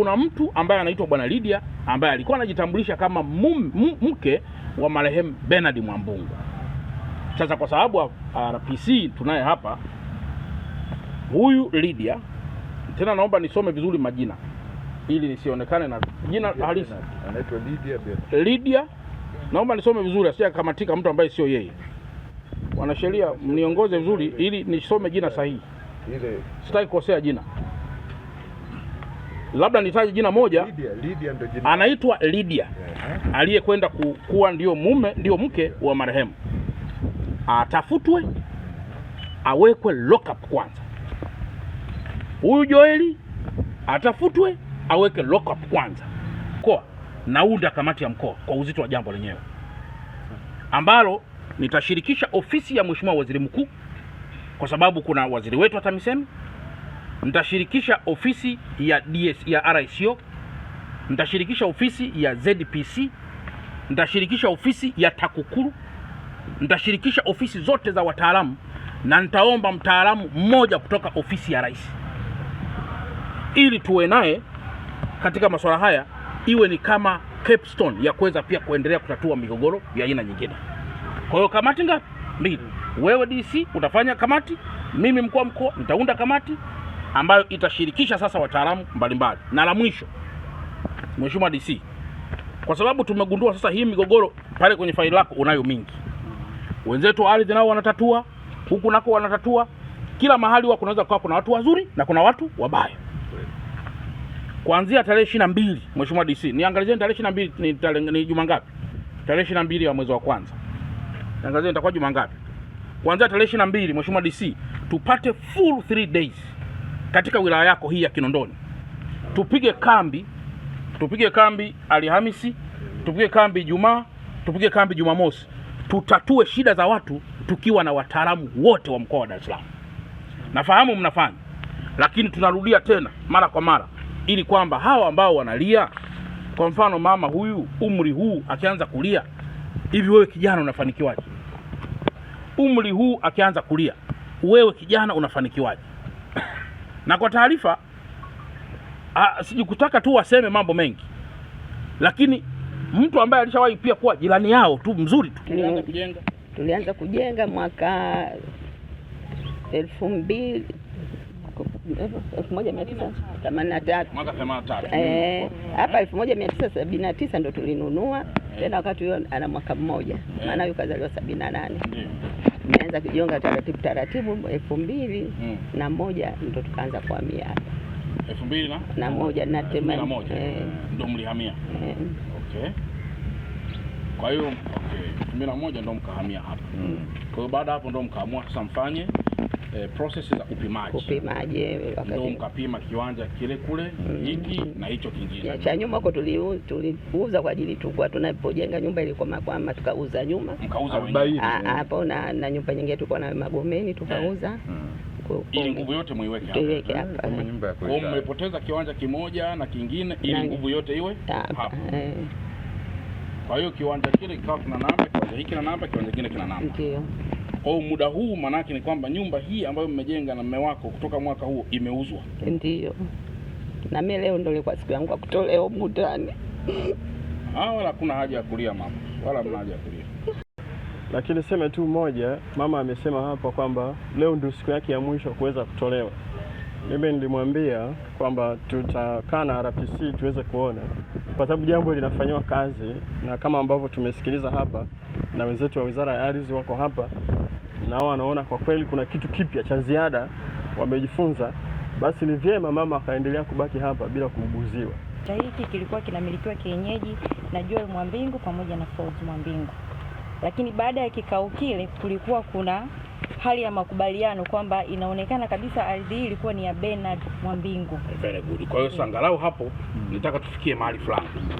Kuna mtu ambaye anaitwa Bwana Lydia ambaye alikuwa anajitambulisha kama mum, mke wa marehemu Bernard Mwambungu. Sasa kwa sababu RPC tunaye hapa, huyu Lydia, tena naomba nisome vizuri majina ili nisionekane na jina halisi. Anaitwa Lydia Bernard. Lydia, naomba nisome vizuri asije akamatika mtu ambaye sio yeye. Wanasheria mniongoze vizuri ili nisome jina sahihi, sitaki kukosea jina labda nitaje jina moja, anaitwa Lydia uh-huh. aliyekwenda kuwa ndio mume ndio mke wa marehemu, atafutwe awekwe up kwanza. Huyu Joeli atafutwe aweke up kwanza. Mkoa naunda kamati ya mkoa kwa uzito wa jambo lenyewe ambalo nitashirikisha ofisi ya Mheshimiwa Waziri Mkuu kwa sababu kuna waziri wetu wa TAMISEMI mtashirikisha ofisi ya DS, ya RICO, mtashirikisha ofisi ya ZPC, mtashirikisha ofisi ya TAKUKURU, mtashirikisha ofisi zote za wataalamu na nitaomba mtaalamu mmoja kutoka ofisi ya rais ili tuwe naye katika masuala haya, iwe ni kama capstone ya kuweza pia kuendelea kutatua migogoro ya aina nyingine. Kwa hiyo kamati ngapi? Mbili. Wewe DC utafanya kamati, mimi mkuu wa mkoa nitaunda kamati ambayo itashirikisha sasa wataalamu mbalimbali. Na la mwisho, Mheshimiwa DC, kwa sababu tumegundua sasa hii migogoro pale kwenye faili lako unayo mingi, wenzetu wa ardhi nao wanatatua, huku nako wanatatua, kila mahali huwa kunaweza kuwa kuna watu wazuri na kuna watu wabaya. Kuanzia tarehe ishirini na mbili Mheshimiwa DC, niangalieni tarehe ishirini na mbili ni, ni juma ngapi? Tarehe ishirini na mbili ya mwezi wa kwanza, niangalieni nitakuwa juma ngapi? Kuanzia tarehe ishirini na mbili Mheshimiwa DC, tupate full 3 days katika wilaya yako hii ya Kinondoni, tupige kambi, tupige kambi Alhamisi, tupige kambi Ijumaa, tupige kambi Jumamosi, tutatue shida za watu tukiwa na wataalamu wote wa mkoa wa Dar es Salaam. Nafahamu mnafanya, lakini tunarudia tena mara kwa mara ili kwamba hawa ambao wanalia, kwa mfano mama huyu umri huu akianza kulia hivi, wewe kijana unafanikiwaje? Umri huu akianza kulia, wewe kijana unafanikiwaje? na kwa taarifa, ah, sijikutaka tu waseme mambo mengi, lakini mtu ambaye alishawahi pia kuwa jirani yao tu mzuri tu, tulianza mm. kujenga tulianza kujenga mwaka elfu mbili elfu moja mia tisa themanini na tatu eh, hapa elfu moja mia tisa sabini na tisa ndo tulinunua eh. tena, wakati huyo ana mwaka mmoja, eh. maana huyu kazaliwa sabini na nane tukaanza kujiunga taratibu taratibu elfu mbili mm. na moja ndo tukaanza kuhamia hapa elfu mbili na, na moja na tema na moja eh. ndo mlihamia eh. Okay. Kwa hiyo okay, elfu mbili na moja ndo mkahamia hapa mm. Kwa hiyo baada hapo ndo mkaamua sasa mfanye eh, process za upimaji upimaji, eh, ndio mkapima kiwanja kile kule mm. hiki mm, na hicho kingine cha nyuma huko tuliuza tuli, kwa ajili tukua tunapojenga nyumba ilikuwa makwama, tukauza nyuma mkauza ah, ah, ah, hapo na, na nyumba nyingine tulikuwa na Magomeni tukauza yeah. mm ili nguvu yote muiweke hapa. Mm. Mmepoteza kiwanja kimoja na kingine, ili nguvu yote iwe hapa. Eh. Kwa hiyo kiwanja kile kikawa kina namba, kiwanja hiki kina namba, kiwanja kingine kina namba. Ndio. Kwa hiyo muda huu maanake ni kwamba nyumba hii ambayo mmejenga na mme wako kutoka mwaka huo imeuzwa. ndio na mimi leo ndio ilikuwa siku yangu ya kutolewa mutani. Ah, wala kuna haja ya kulia mama, wala mna haja ya kulia. Lakini sema tu moja, mama amesema hapa kwamba leo ndio siku yake ya mwisho kuweza kutolewa. Mimi nilimwambia kwamba tutakaa na RPC tuweze kuona, kwa sababu jambo linafanywa kazi, na kama ambavyo tumesikiliza hapa na wenzetu wa Wizara ya Ardhi wako hapa, nao wanaona kwa kweli kuna kitu kipya cha ziada wamejifunza, basi ni vyema mama akaendelea kubaki hapa bila kuuguziwa. Hiki kilikuwa kinamilikiwa kienyeji na Joel Mwambingu pamoja na Ford Mwambingu, lakini baada ya kikao kile kulikuwa kuna hali ya makubaliano kwamba inaonekana kabisa ardhi hii ilikuwa ni ya Bernard Mwambingu. Very good. Kwa hiyo angalau hapo nitaka tufikie mahali fulani.